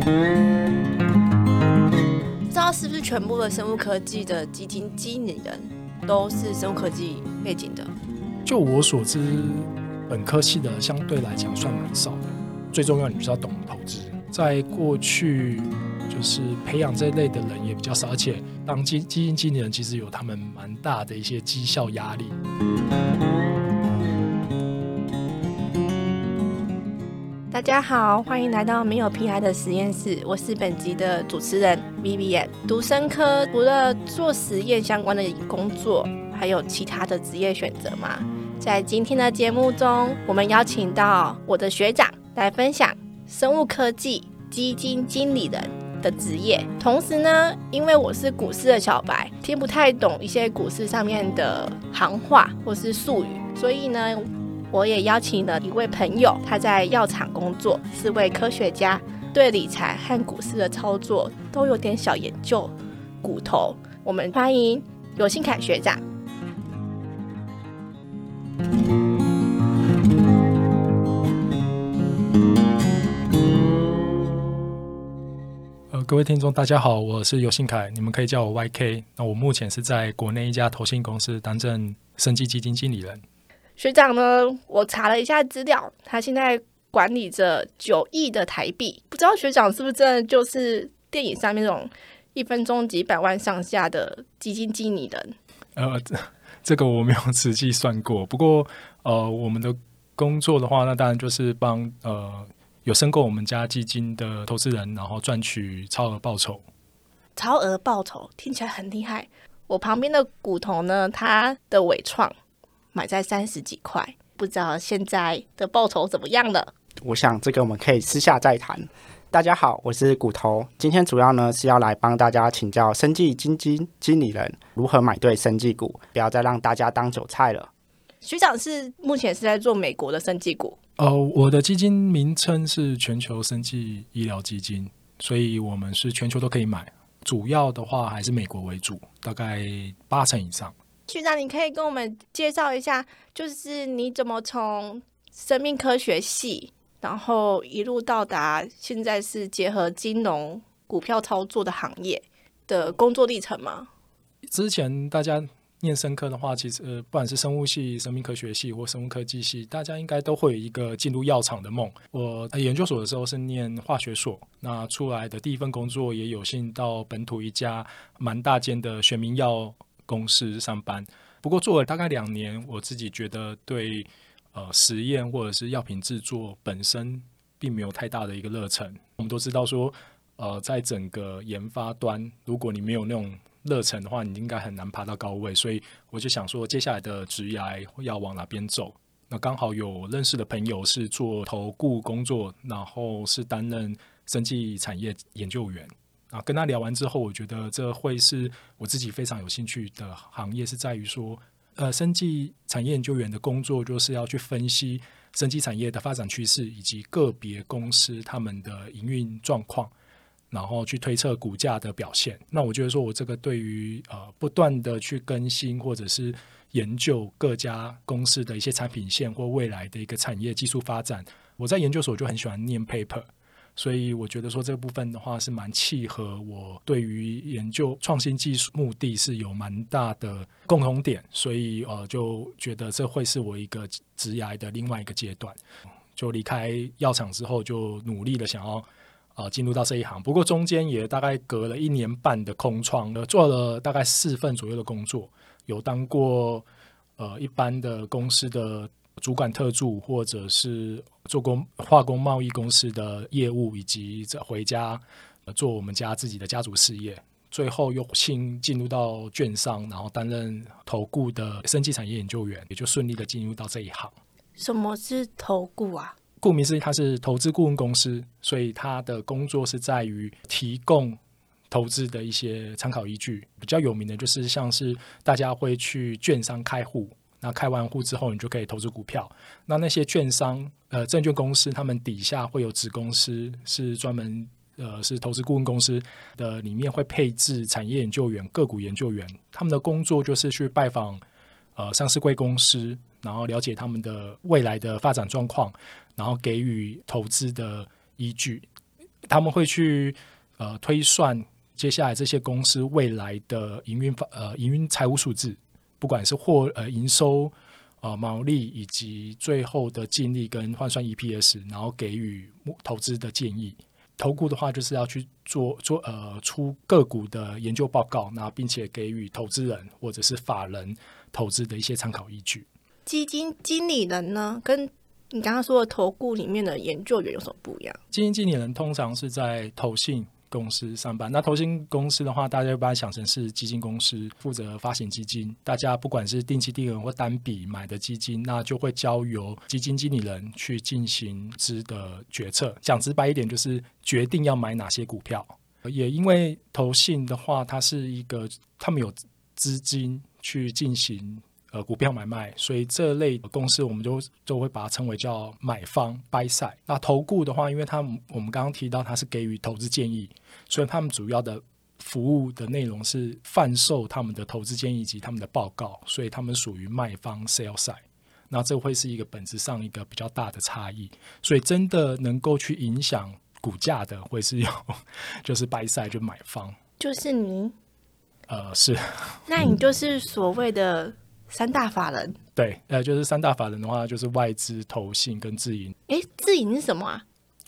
不知道是不是全部的生物科技的基金經理人都是生物科技背景的？就我所知，本科系的相對來講算蠻少的。最重要，你比較懂投資。在過去，就是培養這一類的人也比較少，而且當基基金經理人，其實有他們蠻大的一些績效壓力。大家好，歡迎來到沒有 PI 的實驗室。我是本集的主持人 Vivian。讀生科除了做實驗相關的工作，還有其他的職業選擇嗎？在今天的節目中，我們邀請到我的學長來分享生物科技基金經理人的職業。同時呢，因為我是股市的小白，聽不太懂一些股市上面的行話或是術語，所以呢，我也邀請了一位朋友，他在藥廠工作，是位科學家，對理財和股市的操作都有點小研究。股頭，我們歡迎游信凱學長。呃，各位聽眾，大家好，我是游信凱，你們可以叫我 YK。那我目前是在國內一家投信公司擔任生技基金經理人。學長呢？我查了一下資料，他現在管理着九億的台幣，不知道學長是不是真的就是電影上面那種一分鐘幾百萬上下的基金經理人？呃，這個我沒有仔細算過，不過呃，我們的工作的話，那當然就是幫呃有申購我們家基金的投資人，然後賺取超額報酬。超額報酬聽起來很厲害。我旁邊的股頭呢，他的尾創，買在三十幾塊，不知道現在的報酬怎麼樣了。我想這個我們可以私下再談。大家好，我是骨頭，今天主要呢是要來幫大家請教生技基金經理人如何買對生技股，不要再讓大家當韭菜了。學長是目前是在做美國的生技股。哦，我的基金名稱是全球生技醫療基金，所以我們是全球都可以買，主要的話還是美國為主，大概八成以上。學長，你可以跟我們介紹一下，就是你怎麼從生命科學系，然後一路到達現在是結合金融股票操作的行業的工作歷程嗎？之前大家念生科的話，其實、呃、不管是生物系、生命科學系或生物科技系，大家應該都會有一個進入藥廠的夢。我在研究所的時候是念化學所，那出來的第一份工作也有幸到本土一家蠻大間的學名藥公司上班，不過做了大概兩年，我自己覺得對呃實驗或者是藥品制作本身並沒有太大的一個熱忱。我們都知道說，呃，在整個研發端，如果你沒有那種熱忱的話，你應該很難爬到高位。所以我就想說，接下來的職涯要往哪邊走？那剛好有認識的朋友是做投顧工作，然後是擔任生技產業研究員。啊，跟他聊完之後，我覺得這會是我自己非常有興趣的行業，是在於說，呃，生技產業研究員的工作就是要去分析生技產業的發展趨勢以及個別公司他們的營運狀況，然後去推測股價的表現。那我覺得說，我這個對於呃不斷的去更新或者是研究各家公司的一些產品線或未來的一個產業技術發展，我在研究所就很喜歡念 paper。所以我覺得說，這部分的話是蠻契合，我對於研究創新技術目的是有蠻大的共同點，所以呃就覺得這會是我一個職涯的另外一個階段，就離開藥廠之後就努力的想要呃，進入到這一行，不過中間也大概隔了一年半的空窗，做了大概四份左右的工作，有當過呃一般的公司的。主管特助，或者是做工化工貿易公司的業務，以及回家做我們家自己的家族事業。最後又新進入到券商，然後擔任投顧的生技產業研究員，也就順利的進入到這一行。什麼是投顧啊？顧名思義，他是投資顧問公司，所以他的工作是在於提供投資的一些參考依據。比較有名的就是像是大家會去券商開戶。那開完戶之後，你就可以投資股票。那那些券商、呃證券公司，他們底下會有子公司，是專門呃是投資顧問公司的，裡面會配置產業研究員、個股研究員，他們的工作就是去拜訪呃上市櫃公司，然後了解他們的未來的發展狀況，然後給予投資的依據。他們會去呃推算接下來這些公司未來的營運法，呃營運財務數字。不管是獲呃，營收，呃，毛利以及最後的淨利跟換算 EPS，然後給予投資的建議。投顧的話，就是要去做做呃出個股的研究報告，然後並且給予投資人或者是法人投資的一些參考依據。基金經理人呢，跟你剛剛說的投顧裡面的研究員有什麼不一樣？基金經理人通常是在投信。公司上班，那投信公司的話，大家會把它想成是基金公司負責發行基金，大家不管是定期定額或單筆買的基金，那就會交由基金經理人去進行資的決策。講直白一點，就是決定要買哪些股票。也因為投信的話，它是一個他們有資金去進行呃股票買賣，所以這類的公司我們就就會把它稱為叫買方 buy side。那投顧的話，因為他們我們剛剛提到，他是給予投資建議。所以他們主要的服務的內容是販售他們的投資建議，及他們的報告，所以他們屬於賣方 （sales i d e 那這會是一個本質上一個比較大的差異。所以真的能夠去影響股價的，會是有就是 b y side，就買方。就是你呃，是。那你就是所謂的三大法人、嗯。對，呃，就是三大法人的話，就是外資、投信跟自營。哎，自營是什麼啊？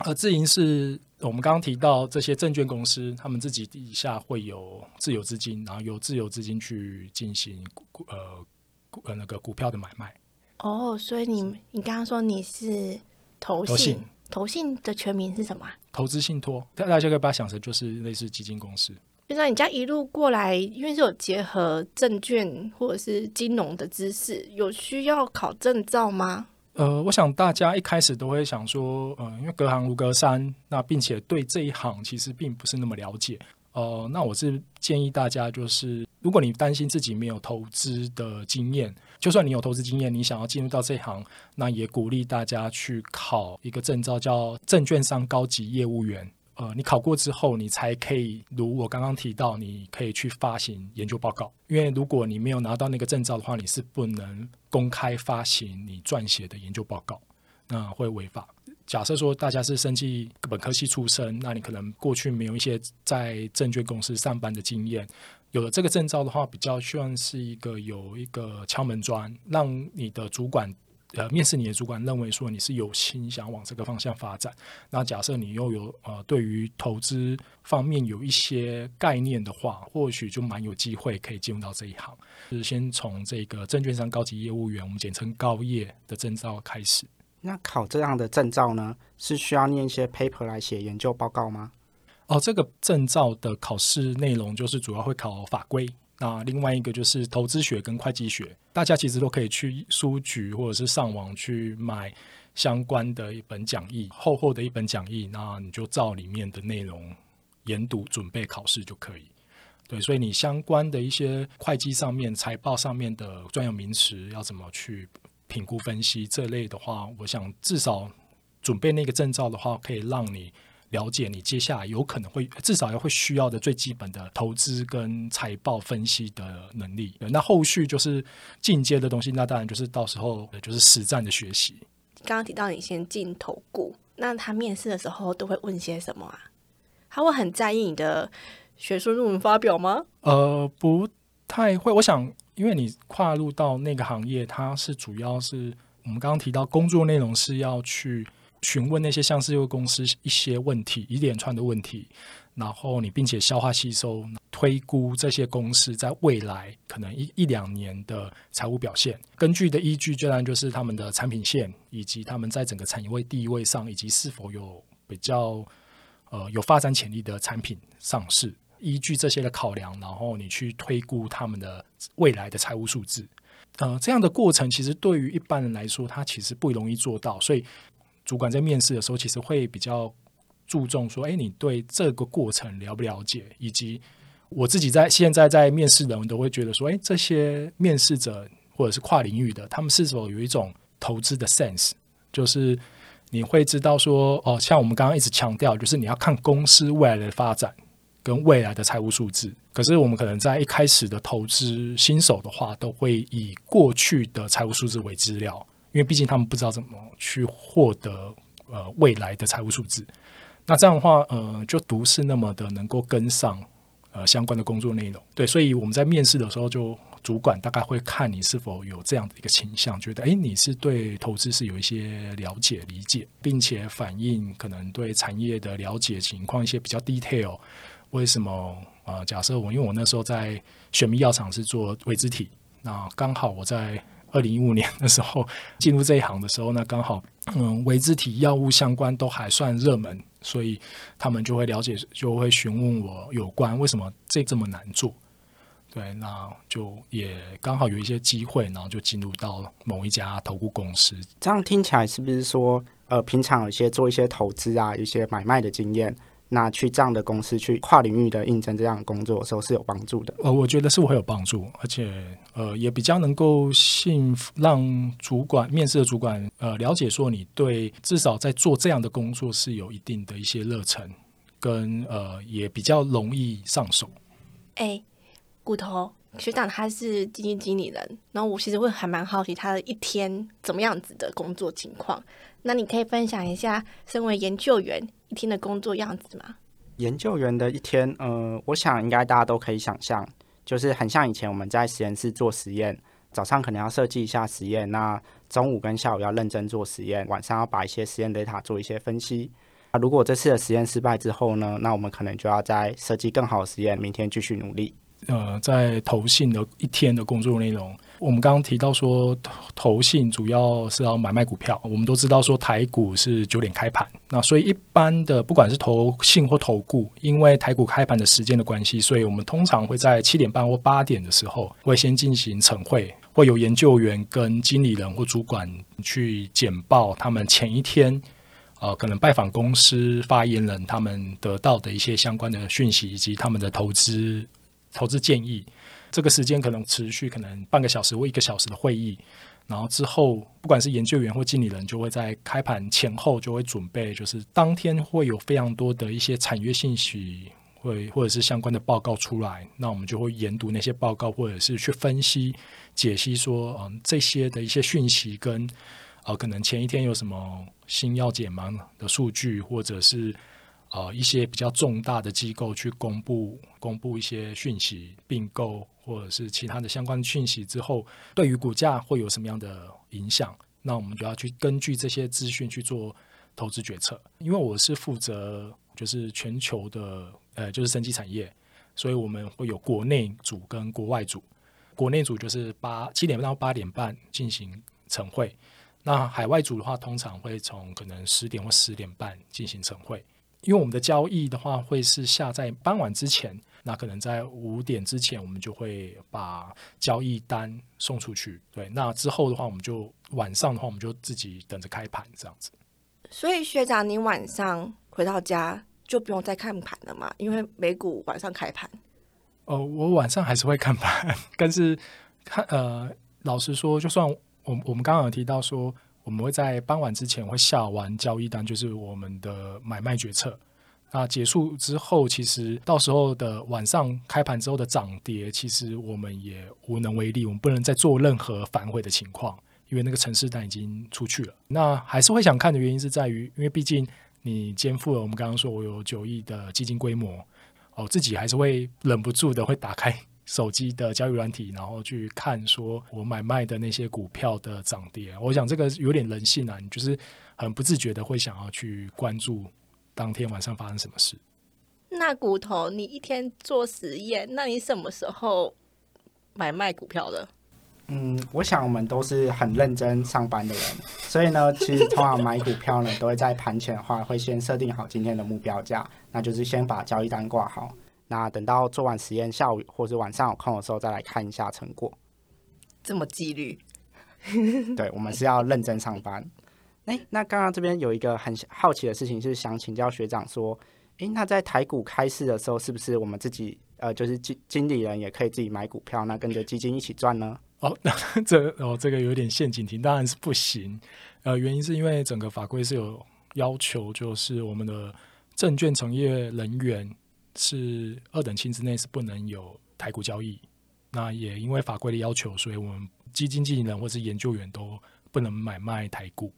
呃，自營是。我們剛剛提到這些證券公司，他們自己底下會有自有資金，然後有自有資金去進行股呃股那個股票的買賣。哦，所以你你剛剛說你是投信，投信，投信的全名是什麼？投資信托，大家就可以把它想成就是類似基金公司。那你家一路過來，因為是有結合證券或者是金融的知識，有需要考證照嗎？呃，我想大家一開始都會想說，呃，因為隔行如隔山，那並且對這一行其實並不是那麼了解。呃，那我是建議大家，就是如果你擔心自己沒有投資的經驗，就算你有投資經驗，你想要進入到這一行，那也鼓勵大家去考一個證照，叫證券商高級業務員。呃，你考過之後，你才可以，如我剛剛提到，你可以去發行研究報告。因為如果你沒有拿到那個證照的話，你是不能公開發行你撰寫的研究報告，那會違法。假設說大家是生技本科系出身，那你可能過去沒有一些在證券公司上班的經驗，有了這個證照的話，比較算是一個有一個敲門磚，讓你的主管。呃，面試你的主管認為說你是有心想往這個方向發展，那假設你又有呃對於投資方面有一些概念的話，或許就蠻有機會可以進入到這一行，就是先從這個證券商高級業務員，我們簡稱高業的證照開始。那考這樣的證照呢，是需要念一些 paper 來寫研究報告嗎？哦、呃，這個證照的考試內容就是主要會考法規。那另外一個就是投資學跟會計學，大家其實都可以去書局或者是上網去買相關的一本講義，厚厚的一本講義，那你就照裡面的內容研讀準備考試就可以。對，所以你相關的一些會計上面、財報上面的專有名詞要怎麼去評估分析這類的話，我想至少準備那個證照的話，可以讓你。了解你接下來有可能會至少要會需要的最基本的投資跟財報分析的能力。那後續就是進階的東西，那當然就是到時候就是實戰的學習。剛剛提到你先進投顧，那他面試的時候都會問些什麼啊？他會很在意你的學術論文發表嗎？呃，不太會。我想，因為你跨入到那個行業，它是主要是我們剛剛提到工作內容是要去。詢問那些上市公司一些問題，一連串的問題，然後你並且消化吸收推估這些公司在未來可能一一兩年的財務表現，根據的依據自然就是他們的產品線，以及他們在整個產業位地位上，以及是否有比較呃有發展潛力的產品上市。依據這些的考量，然後你去推估他們的未來的財務數字。呃，這樣的過程其實對於一般人來說，他其實不容易做到，所以主管在面試的時候，其實會比較注重說：“哎，你對這個過程了不了解？”以及我自己在現在在面試的人，都會覺得說：“哎，這些面試者或者是跨領域的，他們是否有一種投資的 sense？就是你會知道說，哦，像我們剛剛一直強調，就是你要看公司未來的發展跟未來的財務數字。可是我們可能在一開始的投資新手的話，都會以過去的財務數字為資料。”因為畢竟他們不知道怎麼去獲得呃未來的財務數字，那這樣的話，呃，就不是那麼的能夠跟上呃相關的工作內容。對，所以我們在面試的時候，就主管大概會看你是否有這樣的一個傾向，覺得誒你是對投資是有一些了解理解，並且反映可能對產業的了解情況一些比較 detail。為什麼啊，呃？假設我因為我那時候在選民藥廠是做微脂體，那剛好我在。二零一五年的時候進入這一行的時候，那剛好嗯，微脂體藥物相關都還算熱門，所以他們就會了解，就會詢問我有關為什麼這這麼難做？對，那就也剛好有一些機會，然後就進入到某一家投顧公司。這樣聽起來是不是說，呃，平常有一些做一些投資啊，一些買賣的經驗？那去這樣的公司去跨領域的應徵這樣的工作的時候是有幫助的。呃，我覺得是會有幫助，而且呃也比較能夠信讓主管面試的主管呃了解，說你對至少在做這樣的工作是有一定的一些熱忱，跟呃也比較容易上手。哎、欸，骨頭學長他是基金經理人，然後我其實會還蠻好奇他的一天怎麼樣子的工作情況，那你可以分享一下身為研究員一天的工作樣子嗎？研究員的一天，嗯、呃，我想應該大家都可以想象，就是很像以前我們在實驗室做實驗，早上可能要設計一下實驗，那中午跟下午要認真做實驗，晚上要把一些實驗 data 做一些分析。那如果這次的實驗失敗之後呢，那我們可能就要再設計更好的實驗，明天繼續努力。呃，在投信的一天的工作內容，我們剛剛提到說，投信主要是要買賣股票。我們都知道說，台股是九點開盤，那所以一般的不管是投信或投顧，因為台股開盤的時間的關係，所以我們通常會在七點半或八點的時候會先進行晨會，會有研究員跟經理人或主管去簡報他們前一天，呃，可能拜訪公司發言人他們得到的一些相關的訊息以及他們的投資。投資建議，這個時間可能持續可能半個小時或一個小時的會議，然後之後不管是研究員或經理人，就會在開盤前後就會準備，就是當天會有非常多的一些產業信息會，會或者是相關的報告出來，那我們就會研讀那些報告，或者是去分析、解析說，嗯，這些的一些訊息跟，啊可能前一天有什麼新藥解盲的數據，或者是。啊，一些比較重大的機構去公布公布一些訊息並，併購或者是其他的相關訊息之後，對於股價會有什麼樣的影響？那我們就要去根據這些資訊去做投資決策。因為我是負責就是全球的，呃，就是生技產業，所以我們會有國內組跟國外組。國內組就是八、七點半到八點半進行晨會，那海外組的話，通常會從可能十點或十點半進行晨會。因為我們的交易的話，會是下在傍晚之前，那可能在五點之前，我們就會把交易單送出去。對，那之後的話，我們就晚上的話，我們就自己等着開盤這樣子。所以學長，你晚上回到家就不用再看盤了嗎？因為美股晚上開盤。哦、呃，我晚上還是會看盤，但是看呃，老實說，就算我們我們剛剛有提到說。我們會在傍晚之前會下完交易單，就是我們的買賣決策。那結束之後，其實到時候的晚上開盤之後的漲跌，其實我們也無能為力，我們不能再做任何反悔的情況，因為那個程式單已經出去了。那還是會想看的原因是在於，因為畢竟你肩負了我們剛剛說，我有九億的基金規模，哦，自己還是會忍不住的會打開手機的交易軟體，然後去看說我買賣的那些股票的漲跌。我想這個有點人性啊，你就是很不自覺的會想要去關注當天晚上發生什麼事。那骨頭，你一天做實驗，那你什麼時候買賣股票的？嗯，我想我們都是很認真上班的人，所以呢，其實通常買股票呢， 都會在盤前的話會先設定好今天的目標價，那就是先把交易單掛好。那等到做完實驗，下午或者晚上有空的時候，再來看一下成果。這麼紀律？ 對，我們是要認真上班。欸、那剛剛這邊有一個很好奇的事情，就是想請教學長說、欸，那在台股開市的時候，是不是我們自己呃，就是經經理人也可以自己買股票，那跟着基金一起賺呢？哦，這哦，這個有點陷阱題，當然是不行。呃，原因是因為整個法規是有要求，就是我們的證券從業人員。是二等親之內是不能有台股交易，那也因為法規的要求，所以我們基金經理人或是研究員都不能買賣台股。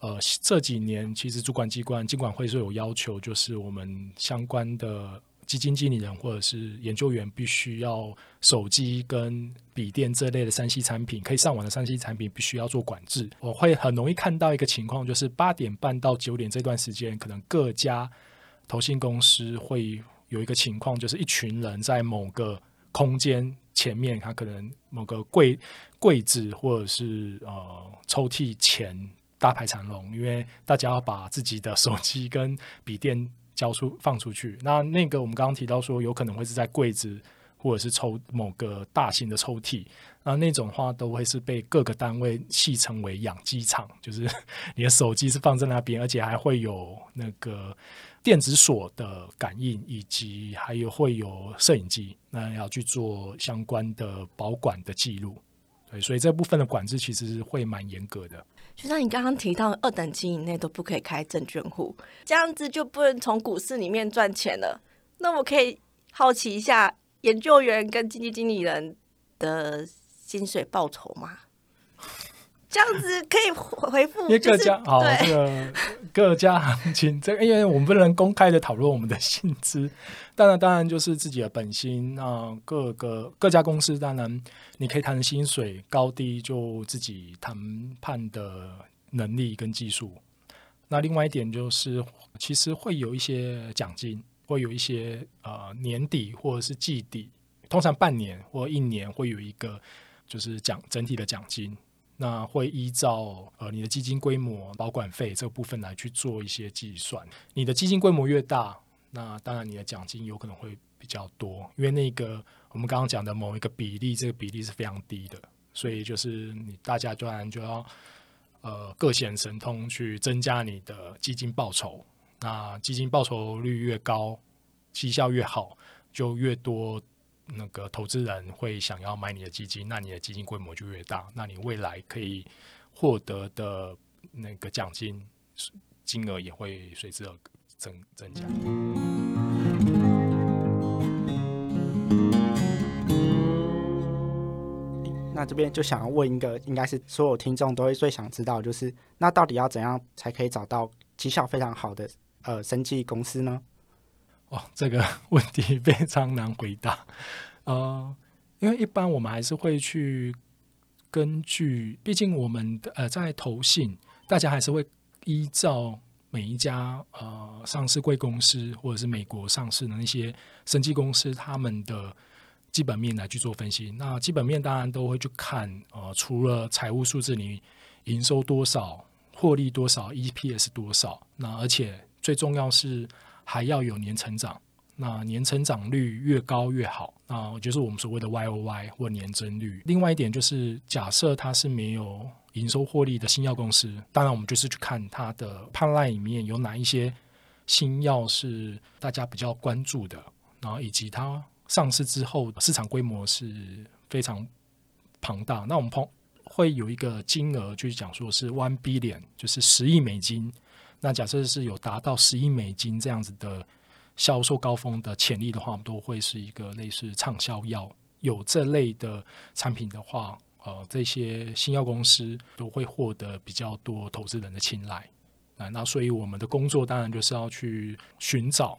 呃，這幾年其實主管機關金管會是有要求，就是我們相關的基金經理人或者是研究員，必須要手機跟筆電這類的三 C 產品，可以上網的三 C 產品，必須要做管制。我會很容易看到一個情況，就是八點半到九點這段時間，可能各家投信公司會。有一個情況就是一群人在某個空間前面，他可能某個櫃櫃子或者是呃抽屜前大排長龍，因為大家要把自己的手機跟筆電交出放出去。那那個我們剛剛提到說，有可能會是在櫃子或者是抽某個大型的抽屜那那種話，都會是被各個單位戲稱為“養雞場”，就是你的手機是放在那邊，而且還會有那個。電子鎖的感應，以及還有會有攝影機，那要去做相關的保管的記錄。對，所以這部分的管制其實會蠻嚴格的。就像你剛剛提到，二等級以內都不可以開證券戶，這樣子就不能從股市裡面賺錢了。那我可以好奇一下，研究員跟基金經理人的薪水報酬嗎？這樣子可以回復， 一個就是對。是的各家行情，這個因為我們不能公開的討論我們的薪資，當然當然就是自己的本薪，那各個各家公司，當然你可以談薪水高低，就自己談判的能力跟技術。那另外一點就是，其實會有一些獎金，會有一些呃年底或者是季底，通常半年或一年會有一個就是獎整體的獎金。那會依照呃你的基金規模、保管費這個部分來去做一些計算。你的基金規模越大，那當然你的獎金有可能會比較多，因為那個我們剛剛講的某一個比例，這個比例是非常低的，所以就是你大家當然就要呃各顯神通去增加你的基金報酬。那基金報酬率越高，績效越好，就越多。那個投資人會想要買你的基金，那你的基金規模就越大，那你未來可以獲得的那個獎金金額也會隨之而增增加。那這邊就想要問一個，應該是所有聽眾都會最想知道，就是那到底要怎樣才可以找到績效非常好的呃生技公司呢？哦，這個問題非常難回答，呃，因為一般我們還是會去根據，畢竟我們呃在投信，大家還是會依照每一家呃上市貴公司或者是美國上市的那些生技公司，他們的基本面來去做分析。那基本面當然都會去看，呃，除了財務數字，你營收多少、獲利多少、EPS 多少，那而且最重要是。還要有年成長，那年成長率越高越好。那我覺得是我們所謂的 Y O Y 或年增率。另外一點就是，假設它是沒有營收獲利的新藥公司，當然我們就是去看它的 pipeline 裡面有哪一些新藥是大家比較關注的，然後以及它上市之後市場規模是非常龐大。那我們碰會有一個金額，就是講說是 One Billion，就是十億美金。那假設是有達到十億美金這樣子的銷售高峰的潛力的話，都會是一個類似暢銷藥。有這類的產品的話，呃，這些新藥公司都會獲得比較多投資人的青睞。那所以我們的工作當然就是要去尋找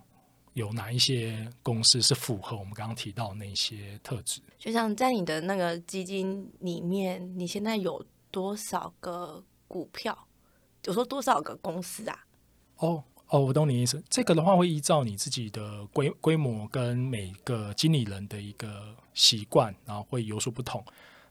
有哪一些公司是符合我們剛剛提到那些特質。就像在你的那個基金裡面，你現在有多少個股票？有說多少個公司啊？哦哦，我懂你意思。這個的話，會依照你自己的規規模跟每個經理人的一個習慣，然後會有所不同。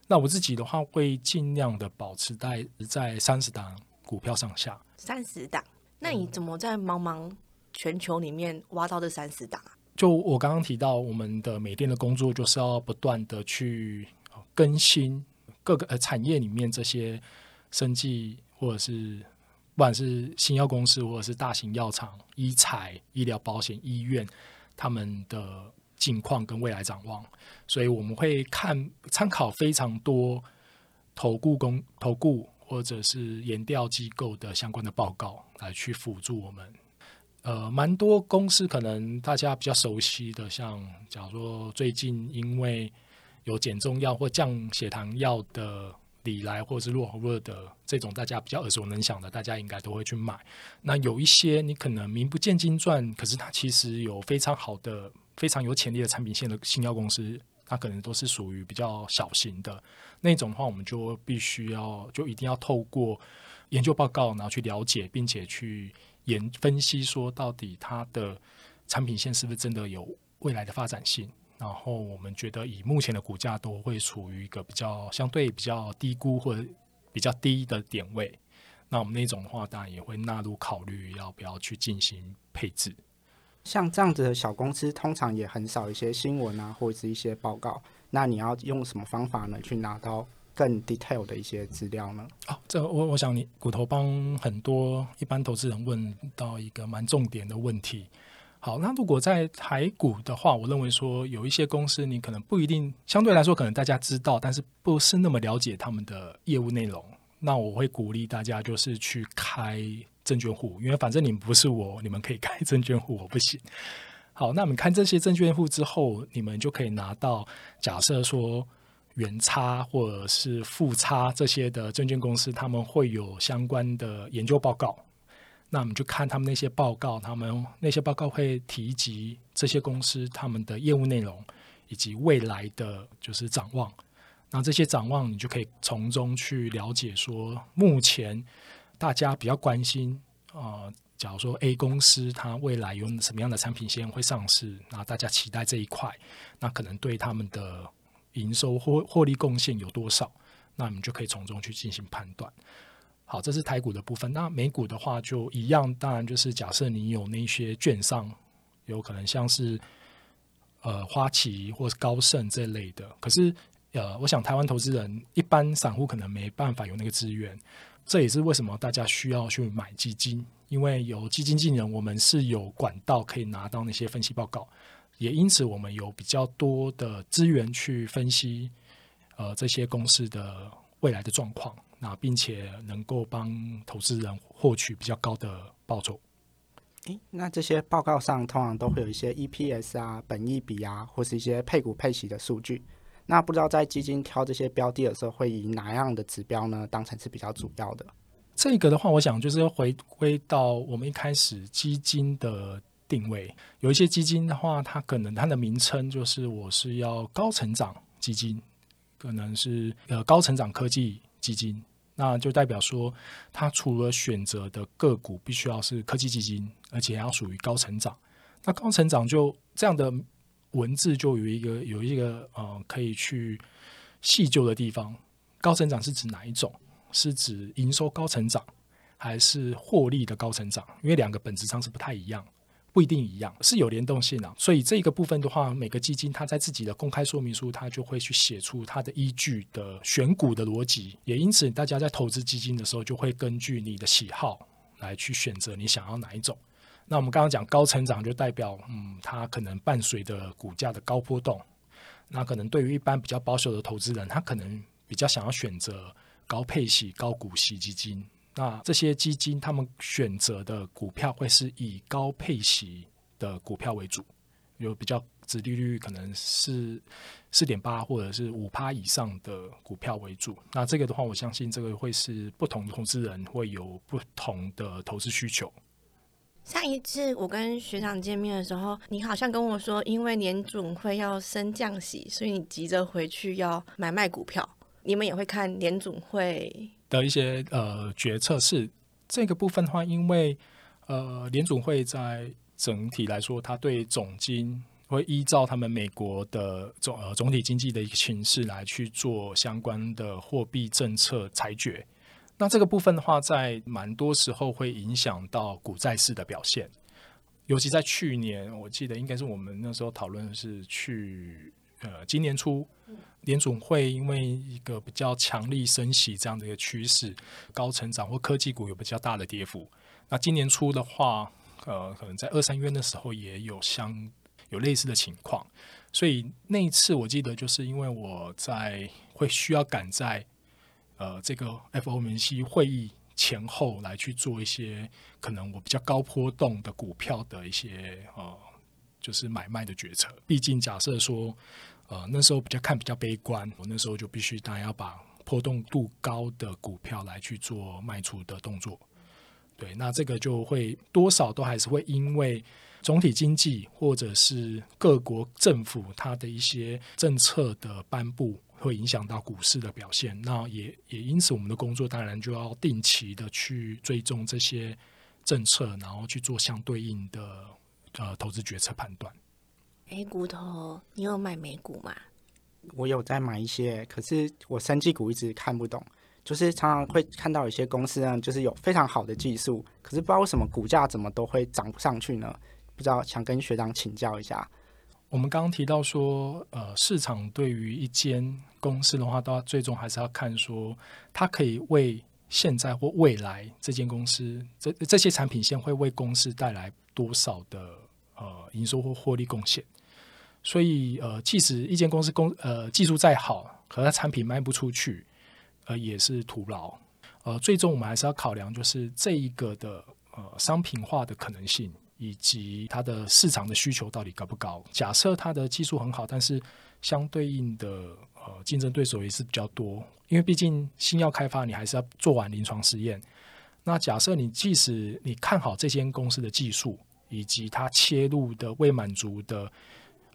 那我自己的話，會盡量的保持在在三十檔股票上下。三十檔？Um, 那你怎麼在茫茫全球裡面挖到這三十檔啊？就我剛剛提到，我們的每天的工作就是要不斷的去更新各個呃產業裡面這些生技或者是。不管是新藥公司，或者是大型藥廠、醫材、醫療保險、醫院，他們的近況跟未來展望，所以我們會看參考非常多投顧公投顧或者是研調機構的相關的報告來去輔助我們。呃，蠻多公司可能大家比較熟悉的，像假如說最近因為有減重藥或降血糖藥的。以來或者是羅浮勒的這種大家比較耳熟能詳的，大家應該都會去買。那有一些你可能名不見經傳，可是它其實有非常好的、非常有潛力的產品線的新藥公司，它可能都是屬於比較小型的那種的話，我們就必須要就一定要透過研究報告，然後去了解，並且去研分析，說到底它的產品線是不是真的有未來的發展性。然後我們覺得以目前的股價都會處於一個比較相對比較低估，或者比較低的點位，那我們那種的話當然也會納入考慮要不要去進行配置。像這樣子的小公司通常也很少一些新聞啊或者是一些報告，那你要用什麼方法呢去拿到更 detail 的一些資料呢？哦，這我我想你骨頭幫很多一般投資人問到一個蠻重點的問題。好，那如果在台股的話，我認為說有一些公司，你可能不一定，相對來說，可能大家知道，但是不是那麼了解他們的業務內容。那我會鼓勵大家就是去開證券戶，因為反正你們不是我，你們可以開證券戶，我不行。好，那我們看這些證券戶之後，你們就可以拿到假設說，元差或者是負差這些的證券公司，他們會有相關的研究報告。那我們就看他們那些報告，他們那些報告會提及這些公司他們的業務內容以及未來的就是展望。那這些展望你就可以從中去了解，說目前大家比較關心啊、呃，假如說 A 公司它未來有什麼樣的產品線會上市，那大家期待這一塊，那可能對他們的營收或獲利貢獻有多少，那你們就可以從中去進行判斷。好，這是台股的部分。那美股的話，就一樣。當然，就是假設你有那些券商，有可能像是呃花旗或是高盛這類的。可是，呃，我想台灣投資人一般散戶可能沒辦法有那個資源。這也是為什麼大家需要去買基金，因為有基金經理人，我們是有管道可以拿到那些分析報告，也因此我們有比較多的資源去分析呃這些公司的未來的狀況。那並且能夠幫投資人獲取比較高的報酬。誒、欸，那這些報告上通常都會有一些 EPS 啊、嗯、本益比啊，或是一些配股配息的數據。那不知道在基金挑這些標的的時候，會以哪樣的指標呢？當成是比較主要的？這個的話，我想就是回歸到我們一開始基金的定位。有一些基金的話，它可能它的名稱就是我是要高成長基金，可能是呃高成長科技基金。那就代表說，他除了選擇的個股必須要是科技基金，而且要屬於高成長。那高成長就這樣的文字就有一個有一個呃可以去細究的地方。高成長是指哪一種？是指營收高成長，還是獲利的高成長？因為兩個本質上是不太一樣。不一定一樣，是有聯動性的。所以這個部分的話，每個基金它在自己的公開說明書，它就會去寫出它的依據的選股的邏輯。也因此，大家在投資基金的時候，就會根據你的喜好來去選擇你想要哪一種。那我們剛剛講高成長，就代表嗯，它可能伴隨着股價的高波動。那可能對於一般比較保守的投資人，他可能比較想要選擇高配息、高股息基金。那這些基金，他們選擇的股票會是以高配息的股票為主，有比較殖利率可能是四點八或者是五趴以上的股票為主。那這個的話，我相信這個會是不同的投資人會有不同的投資需求。上一次我跟學長見面的時候，你好像跟我說，因為聯準會要升降息，所以你急着回去要買賣股票。你們也會看聯準會？的一些呃決策是這個部分的話，因為呃聯準會在整體來說，他對總金會依照他們美國的總呃總體經濟的一個形勢來去做相關的貨幣政策裁決。那這個部分的話，在蠻多時候會影響到股債市的表現，尤其在去年，我記得應該是我們那時候討論的是去呃今年初。聯準會因為一個比較強力升息這樣的一個趨勢，高成長或科技股有比較大的跌幅。那今年初的話，呃，可能在二三月的時候也有相有類似的情況。所以那一次我記得，就是因為我在會需要趕在呃這個 FOMC 會議前後來去做一些可能我比較高波動的股票的一些呃就是買賣的決策。畢竟假設說。呃，那時候比較看比較悲觀，我那時候就必須大家要把波動度高的股票來去做賣出的動作，對，那這個就會多少都還是會因為總體經濟或者是各國政府它的一些政策的頒布，會影響到股市的表現，那也也因此我們的工作當然就要定期的去追蹤這些政策，然後去做相對應的呃投資決策判斷。哎，骨頭，你有買美股嗎？我有在買一些，可是我生技股一直看不懂，就是常常會看到一些公司呢，就是有非常好的技術，可是不知道為什麼股價怎麼都會漲不上去呢？不知道想跟學長請教一下。我們剛剛提到說，呃，市場對於一間公司的話，到最終還是要看說它可以為現在或未來這間公司這這些產品線會為公司帶來多少的呃營收或獲利貢獻。所以，呃，即使一間公司公呃技術再好，可它產品賣不出去，呃，也是徒勞。呃，最終我們還是要考量，就是這一個的呃商品化的可能性，以及它的市場的需求到底高不高。假設它的技術很好，但是相對應的呃競爭對手也是比較多，因為畢竟新藥開發你還是要做完臨床試驗。那假設你即使你看好這間公司的技術，以及它切入的未滿足的。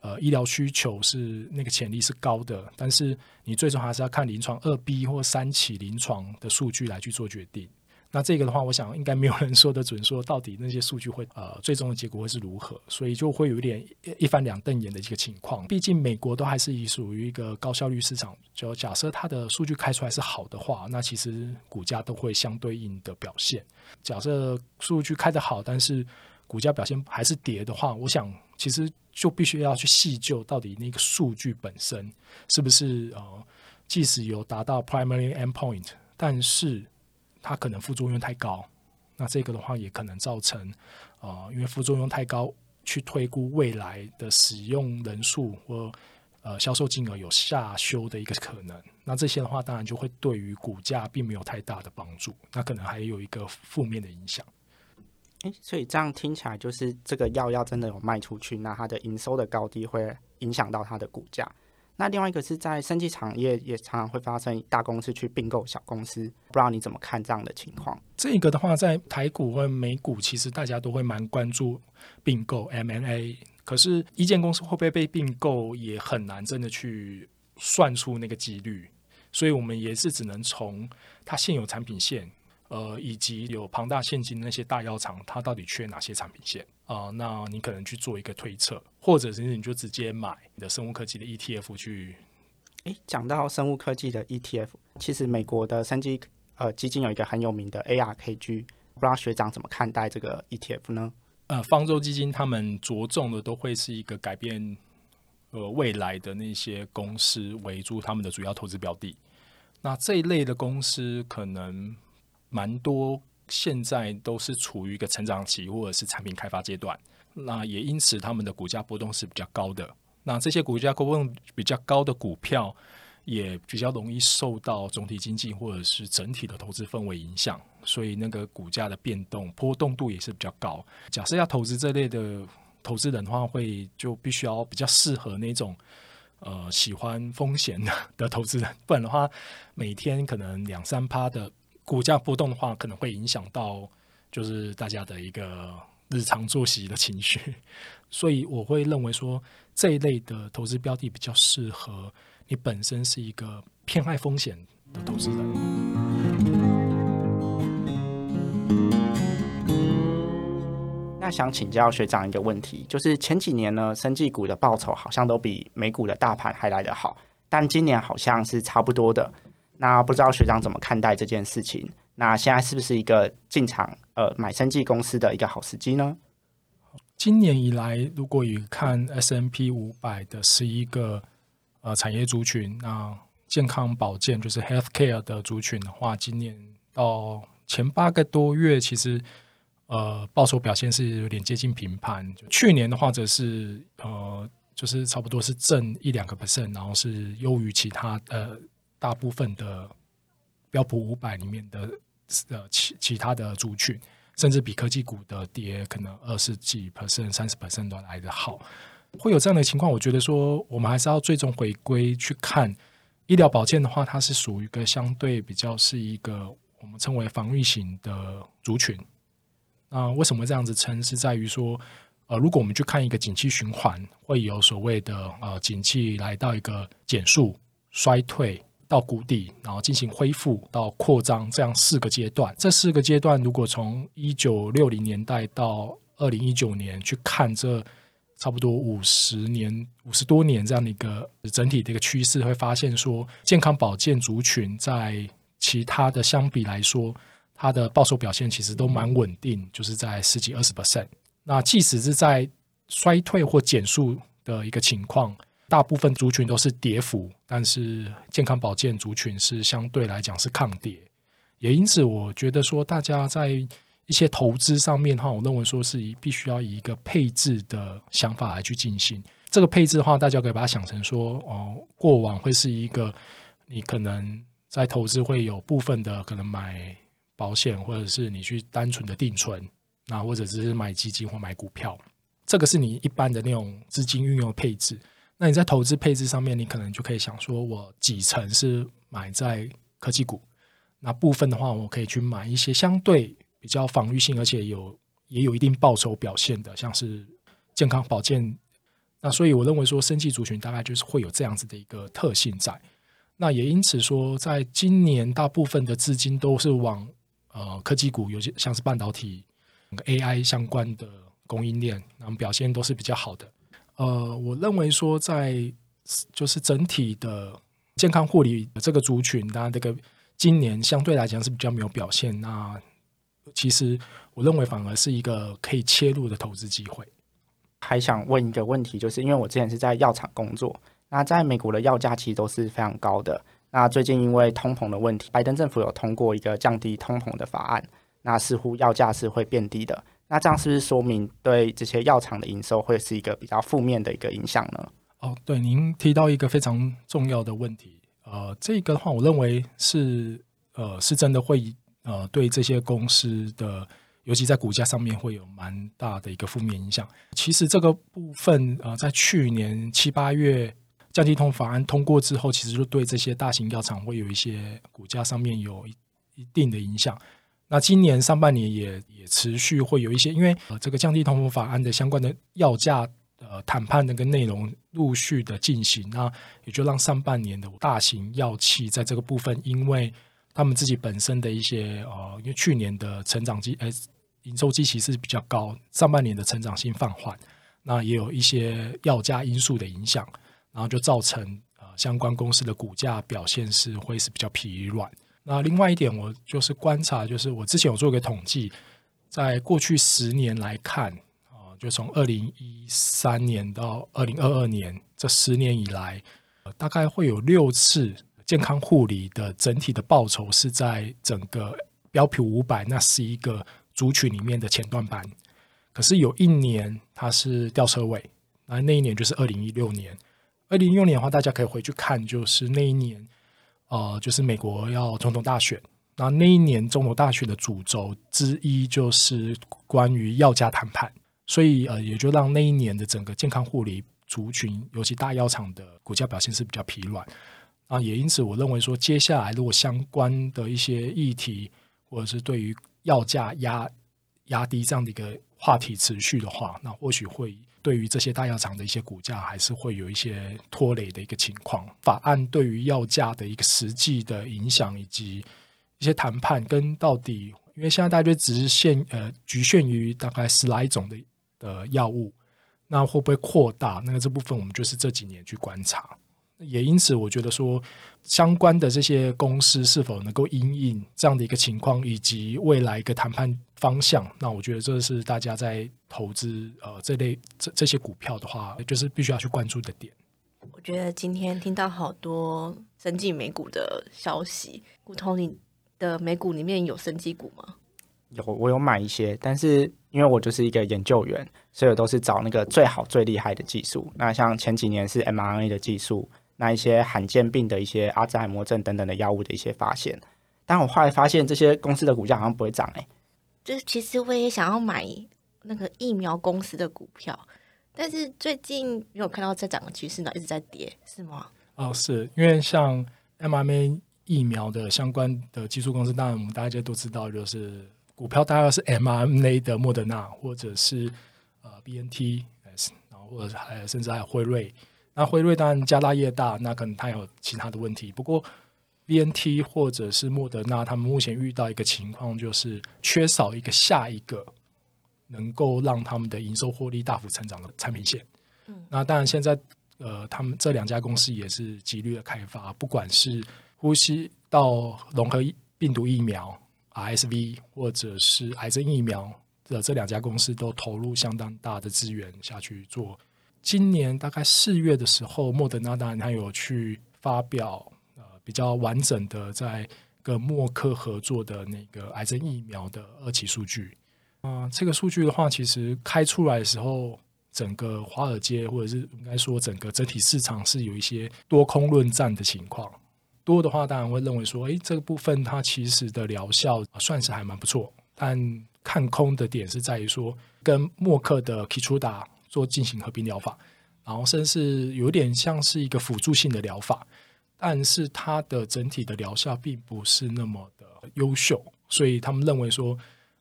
呃，醫療需求是那個潛力是高的，但是你最終還是要看臨床二 B 或三期臨床的數據來去做決定。那這個的話，我想應該沒有人說得準，說到底那些數據會呃最終的結果會是如何，所以就會有一點一翻兩瞪眼的一個情況。畢竟美國都還是以屬於一個高效率市場，就假設它的數據開出來是好的話，那其實股價都會相對應的表現。假設數據開得好，但是股價表現還是跌的話，我想。其實就必須要去細究到底那個數據本身是不是呃，即使有達到 primary endpoint，但是它可能副作用太高，那這個的話也可能造成啊、呃，因為副作用太高，去推估未來的使用人數或呃銷售金額有下修的一個可能。那這些的話，當然就會對於股價並沒有太大的幫助，那可能還有一個負面的影響。誒，所以這樣聽起來，就是這個藥要真的有賣出去，那它的營收的高低會影響到它的股價。那另外一個是在生技產業也常常會發生大公司去併購小公司，不知道你怎麼看這樣的情況？這個的話，在台股或美股，其實大家都會蠻關注併購 M&A。可是，一間公司會不會被併購，也很難真的去算出那個幾率。所以我們也是只能從它現有產品線。呃，以及有龐大現金的那些大藥廠，它到底缺哪些產品線啊？呃，那你可能去做一個推測，或者是你就直接買你的生物科技的 ETF 去。哎，講到生物科技的 ETF，其實美國的三 G 呃，基金有一個很有名的 ARKG，不知道學長怎麼看待這個 ETF 呢？呃，方舟基金他們着重的都會是一個改變呃，未來的那些公司為主，他們的主要投資標的，那這一類的公司可能。蠻多現在都是處於一個成長期，或者是產品開發階段，那也因此他們的股價波動是比較高的。那這些股價波動比較高的股票，也比較容易受到總體經濟或者是整體的投資氛圍影響，所以那個股價的變動波動度也是比較高。假設要投資這類的投資人的話，會就必須要比較適合那種呃喜歡風險的的投資人，不然的話每天可能兩三趴的。股價波動的話，可能會影響到就是大家的一個日常作息的情緒，所以我會認為說這一類的投資標的比較適合你本身是一個偏愛風險的投資人。那想請教學長一個問題，就是前幾年呢，生技股的報酬好像都比美股的大盤還來得好，但今年好像是差不多的。那不知道學長怎麼看待這件事情？那現在是不是一個進場呃買生技公司的一個好時機呢？今年以來，如果以看 S M P 五百的十一個呃產業族群，那健康保健就是 Health Care 的族群的話，今年到前八個多月，其實呃，報酬表現是有點接近平盤。去年的話，則是呃，就是差不多是正一兩個 percent，然後是優於其他的呃。大部分的標普五百裡面的呃其、其他的族群，甚至比科技股的跌可能二十幾 percent、三十 percent 都來得好，會有這樣的情況。我覺得說，我們還是要最終回歸去看醫療保健的話，它是屬於一個相對比較是一個我們稱為防禦型的族群。那為什麼這樣子稱？是在於說，呃，如果我們去看一個景氣循環，會有所謂的呃景氣來到一個減速衰退。到谷底，然後進行恢復到擴張這樣四個階段。這四個階段，如果從一九六零年代到二零一九年去看，這差不多五十年、五十多年這樣的一個整體的一個趨勢，會發現說，健康保健族群在其他的相比來說，它的報酬表現其實都蠻穩定，就是在十幾、二十 percent。那即使是在衰退或減速的一個情況，大部分族群都是跌幅，但是健康保健族群是相對來講是抗跌，也因此，我覺得說大家在一些投資上面哈，我認為說是必須要以一個配置的想法來去進行這個配置的話，大家可以把它想成說哦，過往會是一個你可能在投資會有部分的可能買保險，或者是你去單純的定存，那、啊、或者只是買基金或買股票，這個是你一般的那種資金運用配置。那你在投資配置上面，你可能就可以想說，我幾成是買在科技股，那部分的話，我可以去買一些相對比較防禦性，而且有也有一定報酬表現的，像是健康保健。那所以我認為說，生技族群大概就是會有這樣子的一個特性在。那也因此說，在今年大部分的資金都是往呃科技股，尤其像是半導體、AI 相關的供應鏈，然後表現都是比較好的。呃，我認為說，在就是整體的健康護理這個族群，那這個今年相對來講是比較沒有表現。那其實我認為反而是一個可以切入的投資機會。還想問一個問題，就是因為我之前是在藥廠工作，那在美國的藥價其實都是非常高的。那最近因為通膨的問題，拜登政府有通過一個降低通膨的法案，那似乎藥價是會變低的。那這樣是不是說明對這些藥廠的營收會是一個比較負面的一個影響呢？哦，對，您提到一個非常重要的問題，呃，這個的話，我認為是呃，是真的會呃，對這些公司的，尤其在股價上面會有蠻大的一個負面影響。其實這個部分，呃，在去年七八月降低通膨法案通過之後，其實就對這些大型藥廠會有一些股價上面有一一定的影響。那今年上半年也也持續會有一些，因為呃這個降低通膨法案的相關的藥價呃談判的跟內容陸續的進行，那也就讓上半年的大型藥企在這個部分，因為他們自己本身的一些呃，因為去年的成長機誒、呃、營收基期是比較高，上半年的成長性放緩，那也有一些藥價因素的影響，然後就造成呃相關公司的股價表現是會是比較疲軟。那另外一點，我就是觀察，就是我之前有做一個統計，在過去十年來看啊，就從二零一三年到二零二二年這十年以來，大概會有六次健康護理的整體的報酬是在整個標普五百，那是一個族群裡面的前段班，可是有一年它是吊車尾，那那一年就是二零一六年，二零一六年的話，大家可以回去看，就是那一年。呃，就是美國要總統大選，那那一年總統大選的主軸之一就是關於藥價談判，所以呃，也就讓那一年的整個健康護理族群，尤其大藥廠的股價表現是比較疲軟。啊，也因此我認為說，接下來如果相關的一些議題，或者是對於藥價壓壓低這樣的一個話題持續的話，那或許會。對於這些大藥廠的一些股價，還是會有一些拖累的一個情況。法案對於藥價的一個實際的影響，以及一些談判，跟到底，因為現在大家就只是限呃局限於大概十來種的呃藥物，那會不會擴大？那個這部分我們就是這幾年去觀察。也因此，我覺得說相關的這些公司是否能夠因應這樣的一個情況，以及未來一個談判方向，那我覺得這是大家在投資呃這類這這些股票的話，就是必須要去關注的點。我覺得今天聽到好多生技美股的消息，股投你的美股裡面有生技股嗎？有，我有買一些，但是因為我就是一個研究員，所以我都是找那個最好最厲害的技術。那像前幾年是 MRA 的技術。那一些罕見病的一些阿茲海默症等等的藥物的一些發現，但我後來發現這些公司的股價好像不會漲哎、欸。就是其實我也想要買那個疫苗公司的股票，但是最近沒有看到在漲的趨勢呢，一直在跌是嗎？哦，是因為像 mRNA 疫苗的相關的技術公司，當然我們大家都知道，就是股票大概都是 mRNA 的莫德納或者是呃 BNTS，然後或者還甚至還有輝瑞。那輝瑞當然家大業大，那可能它有其他的問題。不過，BNT 或者是莫德納，他們目前遇到一個情況，就是缺少一個下一個能夠讓他們的營收獲利大幅成長的產品線。嗯，那當然現在呃，他們這兩家公司也是極力的開發，不管是呼吸道融合病毒疫苗 RSV 或者是癌症疫苗的這兩家公司，都投入相當大的資源下去做。今年大概四月的時候，莫德納當然它，有去發表呃比較完整的在跟默克合作的那個癌症疫苗的二期數據啊、呃，這個數據的話，其實開出來的時候，整個華爾街或者是應該說整個整體市場是有一些多空論戰的情況。多的話，當然會認為說，誒，這個部分它其實的療效、啊，算是還蠻不錯，但看空的點是在於說，跟默克的 Keytruda 做進行合併療法，然後甚至有點像是一個輔助性的療法，但是它的整體的療效並不是那麼的優秀，所以他們認為說，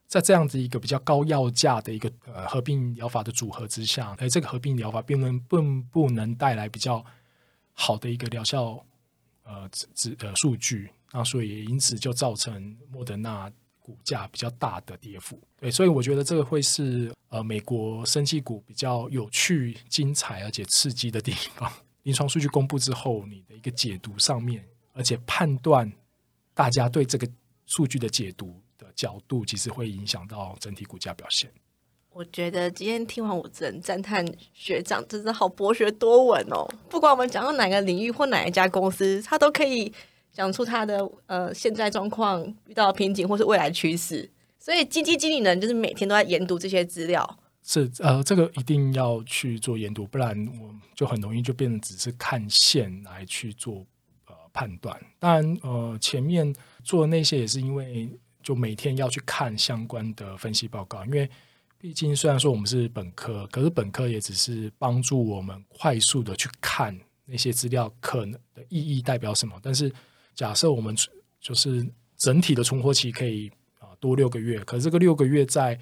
在這樣子一個比較高藥價的一個呃合併療法的組合之下，哎、欸，這個合併療法並能並不能帶來比較好的一個療效呃指指呃數據，那、啊、所以因此就造成莫德納，股價比較大的跌幅，對，所以我覺得這個會是呃美國生技股比較有趣、精彩而且刺激的地方。臨 床數據公布之後，你的一個解讀上面，而且判斷大家對這個數據的解讀的角度，其實會影響到整體股價表現。我覺得今天聽完，我只能讚嘆學長真的好博學多聞哦！不管我們講到哪個領域或哪一家公司，他都可以。講出他的呃現在狀況，遇到瓶頸或是未來趨勢，所以基金經理人就是每天都在研讀這些資料。是呃，這個一定要去做研讀，不然我就很容易就變成只是看線來去做呃判斷。當然呃，前面做的那些也是因為就每天要去看相關的分析報告，因為畢竟雖然說我們是本科，可是本科也只是幫助我們快速的去看那些資料可能的意義代表什麼，但是。假設我們就是整體的存活期可以啊多六個月，可是這個六個月在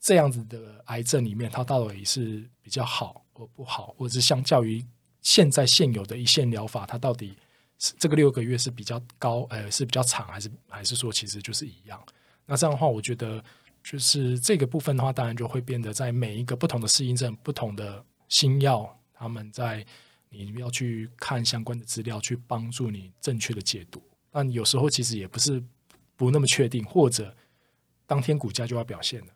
這樣子的癌症裡面，它到底是比較好或不好，或者是相較於現在現有的一線療法，它到底是這個六個月是比較高，呃，是比較長，還是還是說其實就是一樣？那這樣的話，我覺得就是這個部分的話，當然就會變得在每一個不同的適應症、不同的新藥，他們在。你要去看相關的資料，去幫助你正確的解讀。但有時候其實也不是不那麼確定，或者當天股價就要表現了，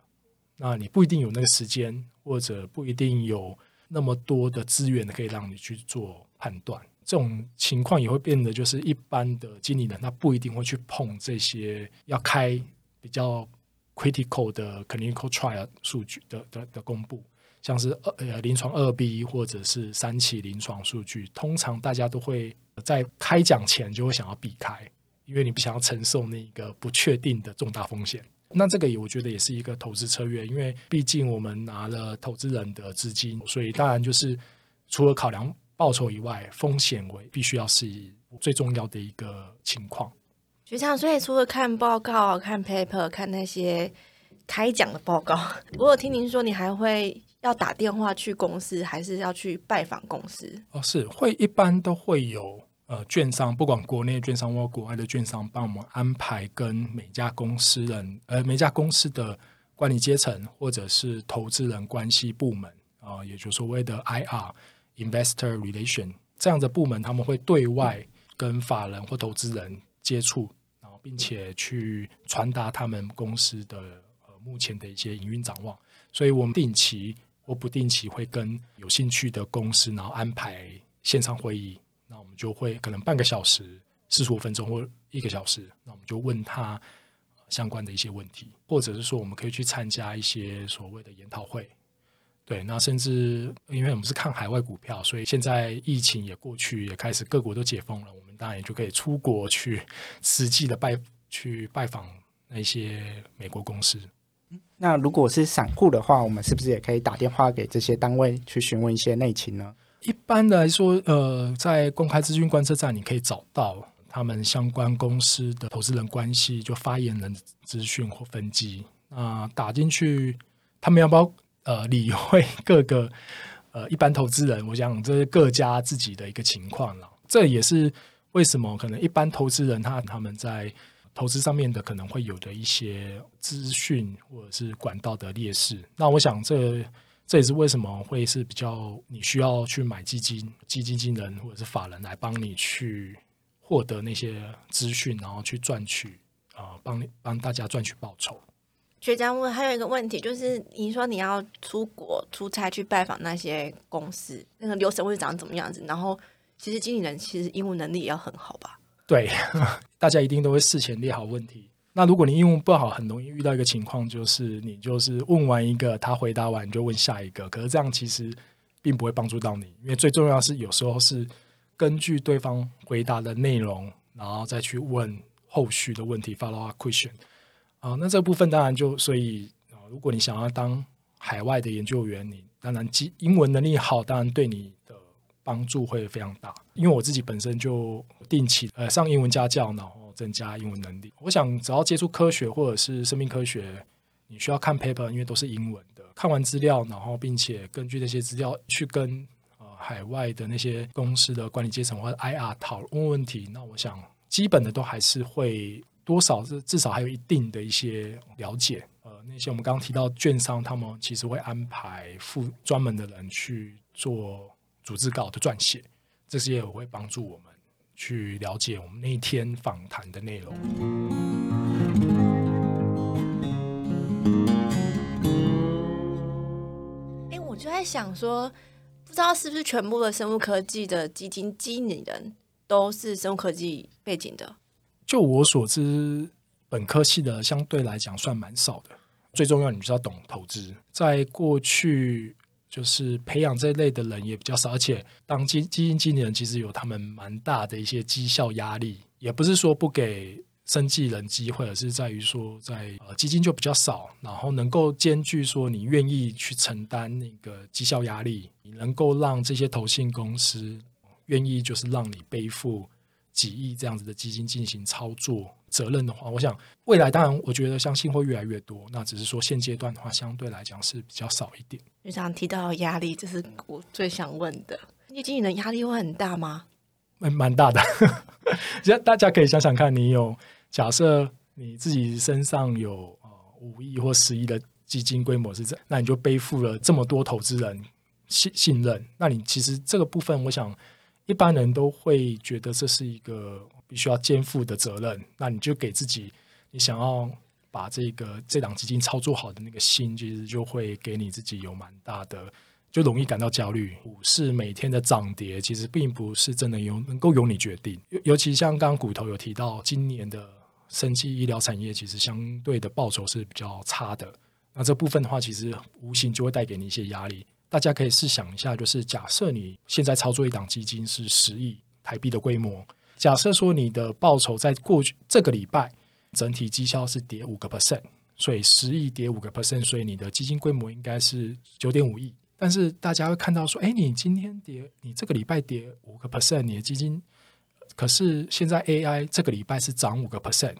那你不一定有那個時間，或者不一定有那麼多的資源可以讓你去做判斷。這種情況也會變得就是一般的經理人，他不一定會去碰這些要開比較 critical 的 clinical trial 數據的的的公布。像是二、呃，臨床二 B 或者是三期臨床數據，通常大家都會在開獎前就會想要避開，因為你不想要承受那個不確定的重大風險。那這個也我覺得也是一個投資策略，因為畢竟我們拿了投資人的資金，所以當然就是除了考量報酬以外，風險為必須要是最重要的一個情況。學長，所以除了看報告、看 paper、看那些開獎的報告，不過聽您說，你還會。要打電話去公司，還是要去拜訪公司？哦，是會一般都會有呃，券商，不管國內券商或國外的券商，幫我們安排跟每家公司人，呃，每家公司的管理階層，或者是投資人關係部門啊、呃，也就是所謂的 IR Investor Relation 這樣的部門，他們會對外跟法人或投資人接觸，然後並且去傳達他們公司的呃目前的一些營運展望，所以我們定期，我不定期會跟有興趣的公司，然後安排線上會議。那我們就會可能半個小時、四十五分鐘或一個小時，那我們就問他相關的一些問題，或者是說我們可以去參加一些所謂的研討會。對，那甚至因為我們是看海外股票，所以現在疫情也過去，也開始各國都解封了，我們當然也就可以出國去實際的拜去拜訪那些美國公司。那如果是散戶的話，我們是不是也可以打電話給這些單位去詢問一些內情呢？一般來說，呃，在公開資訊觀測站，你可以找到他們相關公司的投資人關係，就發言人資訊或分機。那、呃、打進去，他們要不要呃理會各個呃一般投資人？我想講這是各家自己的一個情況了。這也是為什麼可能一般投資人他他們在，投資上面的可能會有的一些資訊或者是管道的劣勢，那我想這這也是為什麼會是比較你需要去買基金、基金經理人或者是法人來幫你去獲得那些資訊，然後去賺取啊，幫、呃、幫大家賺取報酬。學長問還有一個問題，就是你說你要出國出差去拜訪那些公司，那個流程會長怎麼樣子？然後其實經理人其實英文能力也要很好吧？對，大家一定都會事前列好問題。那如果你英文不好，很容易遇到一個情況，就是你就是問完一個，他回答完你就問下一個。可是這樣其實並不會幫助到你，因為最重要的是有時候是根據對方回答的內容，然後再去問後續的問題，follow up question。啊，那這部分當然就所以，如果你想要當海外的研究員，你當然英英文能力好，當然對你。幫助會非常大，因為我自己本身就定期呃上英文家教，然後增加英文能力。我想，只要接觸科學或者是生命科學，你需要看 paper，因為都是英文的。看完資料，然後並且根據那些資料去跟呃海外的那些公司的管理階層或者 IR 討論問題，那我想基本的都還是會多少是至少還有一定的一些了解。呃，那些我們剛剛提到券商，他們其實會安排副專門的人去做。組織稿的撰寫，這些也會幫助我們去了解我們那一天訪談的內容。誒，我就在想說，不知道是不是全部的生物科技的基金經理人都是生物科技背景的？就我所知，本科系的相對來講算蠻少的。最重要，你就要懂投資，在過去。就是培養這一類的人也比較少，而且當基基金經理人其實有他們蠻大的一些績效壓力，也不是說不給生技人機會，而是在於說在呃基金就比較少，然後能夠兼具說你願意去承擔那個績效壓力，你能夠讓這些投信公司願意就是讓你背負。幾億這樣子的基金進行操作，責任的話，我想未來當然，我覺得相信會越來越多。那只是說現階段的話，相對來講是比較少一點。你想提到壓力，這是我最想問的，基金經理人的壓力會很大嗎？哎，蠻大的。 大家可以想想看，你有假設你自己身上有呃五億或十億的基金規模是這，那你就背負了這麼多投資人信信任，那你其實這個部分，我想。一般人都會覺得這是一個必須要肩負的責任，那你就給自己，你想要把這個這檔基金操作好的那個心，其實就會給你自己有蠻大的，就容易感到焦慮。股市每天的漲跌，其實並不是真的有能夠由你決定。尤尤其像剛剛骨頭有提到，今年的生技醫療產業其實相對的報酬，是比較差的，那這部分的話，其實無形就會帶給你一些壓力。大家可以試想一下，就是假設你現在操作一檔基金是十億台幣的規模，假設說你的報酬在過去這個禮拜整體績效是跌五個 percent，所以十億跌五個 percent，所以你的基金規模應該是九點五億。但是大家會看到說，哎，你今天跌，你這個禮拜跌五個 percent，你的基金可是現在 AI 這個禮拜是漲五個 percent，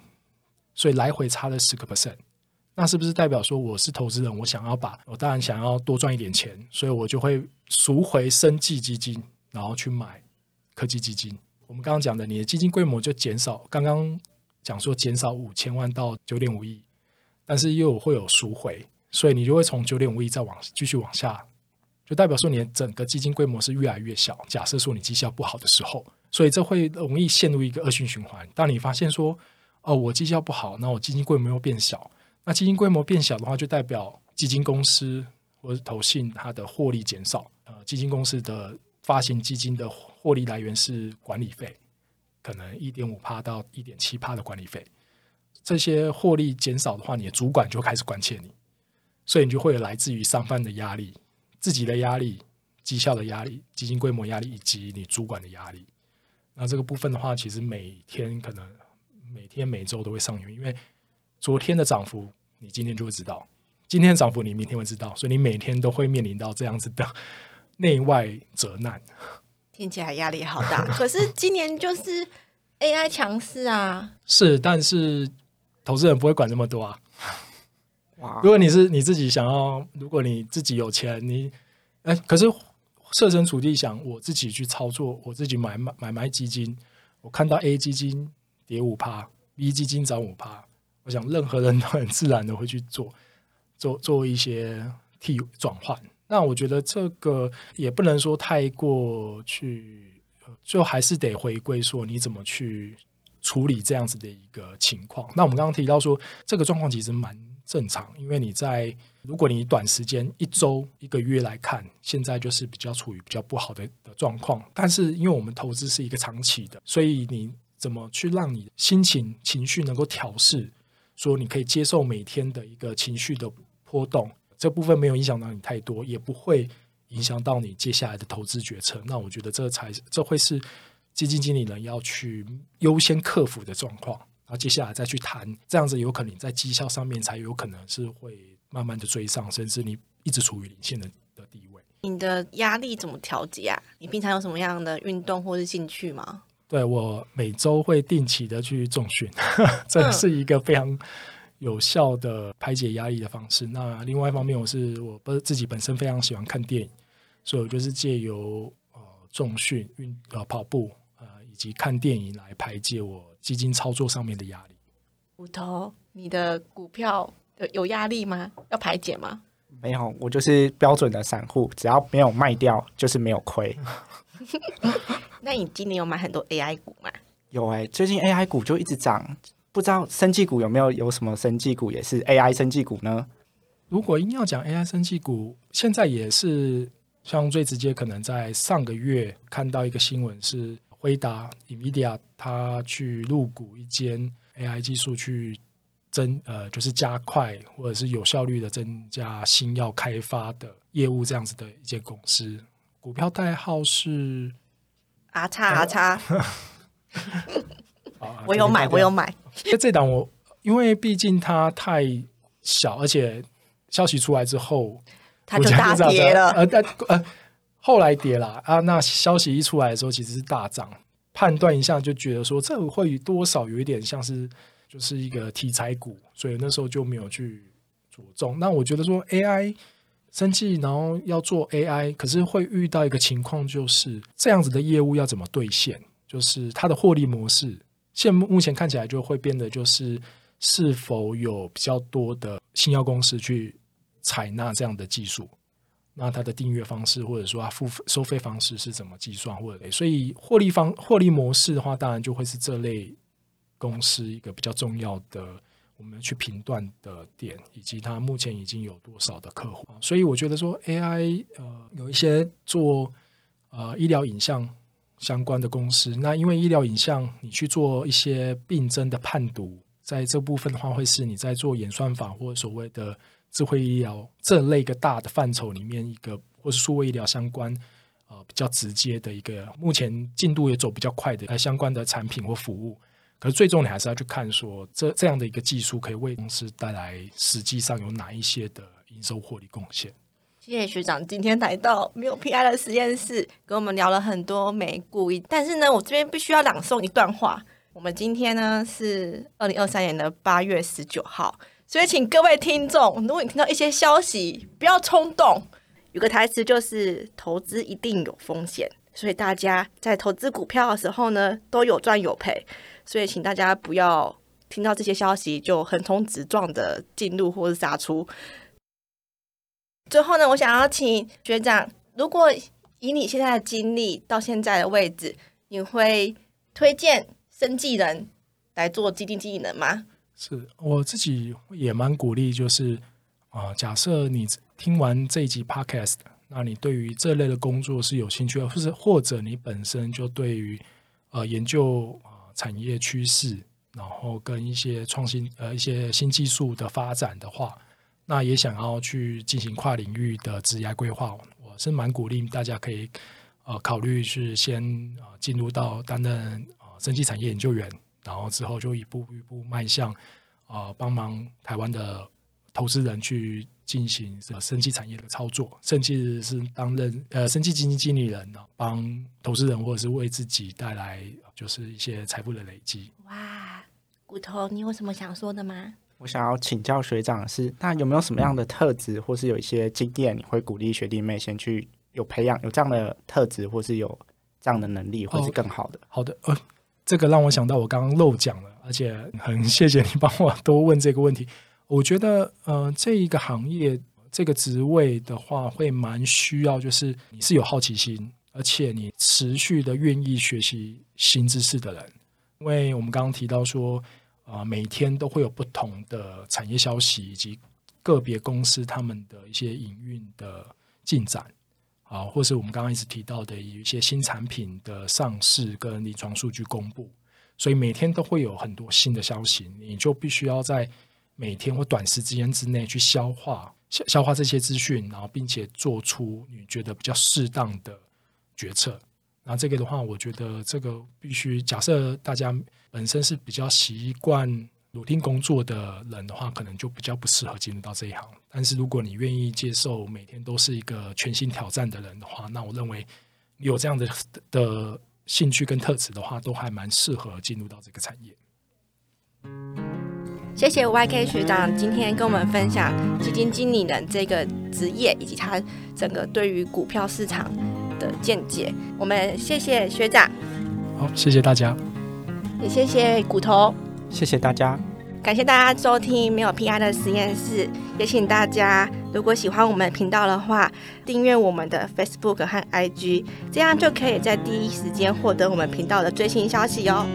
所以來回差了十個 percent。那是不是代表說我是投資人？我想要把我當然想要多賺一點錢，所以我就會贖回生技基金，然後去買科技基金。我們剛剛講的，你的基金規模就減少。剛剛講說減少五千萬到九點五億，但是又會有贖回，所以你就會從九點五億再往繼續往下，就代表說你的整個基金規模是越來越小。假設說你績效不好的時候，所以這會容易陷入一個惡性循,循環。當你發現說哦，我績效不好，那我基金規模又變小。那基金規模變小的話，就代表基金公司或是投信它的獲利減少。呃，基金公司的發行基金的獲利來源是管理費，可能一點五趴到一點七趴的管理費。這些獲利減少的話，你的主管就開始關切你，所以你就會來自於上班的壓力、自己的壓力、績效的壓力、基金規模壓力以及你主管的壓力。那這個部分的話，其實每天可能每天每週都會上演，因為。昨天的漲幅，你今天就會知道；今天漲幅，你明天會知道。所以你每天都會面臨到這樣子的內外責難，聽起來壓力好大。 可是今年就是 AI 強勢啊，是，但是投資人不會管這麼多啊。哇、wow.！如果你是你自己想要，如果你自己有錢，你哎、欸，可是設身處地想，我自己去操作，我自己買買賣基金，我看到 A 基金跌五趴，B 基金漲五趴。我想，任何人都很自然的會去做，做做一些替轉換。那我覺得這個也不能說太過去，最後還是得回歸說你怎麼去處理這樣子的一個情況。那我們剛剛提到說，這個狀況其實蠻正常，因為你在如果你短時間一周、一個月來看，現在就是比較處於比較不好的的狀況。但是因為我們投資是一個長期的，所以你怎麼去讓你心情、情緒能夠調適？說你可以接受每天的一個情緒的波動，這部分沒有影響到你太多，也不會影響到你接下來的投資決策。那我覺得這才這會是基金經理人要去優先克服的狀況。然後接下來再去談，這樣子有可能在績效上面才有可能是會慢慢的追上，甚至你一直處於領先的的地位。你的壓力怎麼調節啊？你平常有什麼樣的運動或是興趣嗎？對，我每周會定期的去重訓，呵呵，這是一個非常有效的排解壓力的方式。那另外一方面我，我是我不是自己本身非常喜歡看電影，所以我就是借由呃重訓、運呃跑步呃以及看電影來排解我基金操作上面的壓力。骨頭，你的股票有，有壓力嗎？要排解嗎？沒有，我就是標準的散戶，只要沒有賣掉，就是沒有虧。嗯 那你今年有買很多 AI 股嗎？有哎、欸，最近 AI 股就一直漲，不知道生技股有沒有有什麼生技股也是 AI 生技股呢？如果硬要講 AI 生技股，現在也是像最直接，可能在上個月看到一個新聞是，輝達 NVIDIA 它去入股一間 AI 技術去增呃，就是加快或者是有效率的增加新藥開發的業務這樣子的一間公司。股票代號是啊叉啊叉，我有買，我有買。因為這檔我，因為畢竟它太小，而且消息出來之後，它就大跌了。啊啊、 呃呃，後來跌了啊。那消息一出來的時候，其實是大漲。判斷一下就覺得說，這會多少有一點像是就是一個題材股，所以那時候就沒有去着重。那我覺得說 AI。生技，然後要做 AI，可是會遇到一個情況，就是這樣子的業務要怎麼兌現？就是它的獲利模式，現目前看起來就會變得，就是是否有比較多的新藥公司去採納這樣的技術？那它的訂閱方式，或者說它付收費方式是怎麼計算？或者所以獲利方獲利模式的話，當然就會是這類公司一個比較重要的。我們去評斷的點，以及它目前已經有多少的客戶，所以我覺得說 AI 呃有一些做呃醫療影像相關的公司，那因為醫療影像你去做一些病徵的判讀，在這部分的話，會是你在做演算法或所謂的智慧醫療這類一個大的範疇裡面一個，或是數位醫療相關呃比較直接的一個，目前進度也走比較快的，呃相關的產品或服務。可是最終你還是要去看，說這這樣的一個技術可以為公司帶來實際上有哪一些的營收獲利貢獻。謝謝學長今天來到沒有 PI 的實驗室，跟我們聊了很多美股。但是呢，我這邊必須要朗誦一段話。我們今天呢是二零二三年的八月十九號，所以請各位聽眾，如果你聽到一些消息，不要衝動。有個台詞就是：投資一定有風險，所以大家在投資股票的時候呢，都有賺有賠。所以，請大家不要聽到這些消息就橫衝直撞的進入或者殺出。最後呢，我想要請學長，如果以你現在的經歷到現在的位置，你會推薦生技人來做基金經理人嗎？是，我自己也蠻鼓勵，就是啊、呃，假設你聽完這一集 Podcast，那你對於這類的工作是有興趣的，或者或者你本身就對於呃研究。產業趨勢，然後跟一些創新呃一些新技術的發展的話，那也想要去進行跨領域的職業規劃，我是蠻鼓勵大家可以呃考慮是先啊進、呃、入到擔任啊、呃、生技產業研究員，然後之後就一步一步邁向啊幫、呃、忙台灣的投資人去進行、呃、生技產業的操作，甚至是擔任呃生技基金經理人呢，幫、呃、投資人或者是為自己帶來。就是一些財富的累積。哇，骨頭，你有什麼想說的嗎？我想要請教學長是，那有沒有什麼樣的特質，或是有一些經驗，你會鼓勵學弟妹先去有培養，有這樣的特質，或是有這樣的能力，或是更好的？哦、好的，呃、哦，這個讓我想到我剛剛漏講了，而且很謝謝你幫我多問這個問題。我覺得，呃，這一個行業這個職位的話，會蠻需要，就是你是有好奇心，而且你。持續的願意學習新知識的人，因為我們剛剛提到說，啊，每天都會有不同的產業消息以及個別公司他們的一些營運的進展，啊，或是我們剛剛一直提到的一些新產品的上市跟臨床數據公布，所以每天都會有很多新的消息，你就必須要在每天或短時間之內去消化消消化這些資訊，然後並且做出你覺得比較適當的決策。那這個的話，我覺得這個必須假設大家本身是比較習慣努力工作的人的話，可能就比較不適合進入到這一行。但是如果你願意接受每天都是一個全新挑戰的人的話，那我認為有這樣的的興趣跟特質的話，都還蠻適合進入到這個產業。謝謝 YK 學長今天跟我們分享基金經理人這個職業以及他整個對於股票市場。的見解，我們謝謝學長。好，謝謝大家，也謝謝骨頭，謝謝大家，感謝大家收聽沒有 PI 的實驗室。也請大家，如果喜歡我們頻道的話，訂閱我們的 Facebook 和 IG，這樣就可以在第一時間獲得我們頻道的最新消息哦。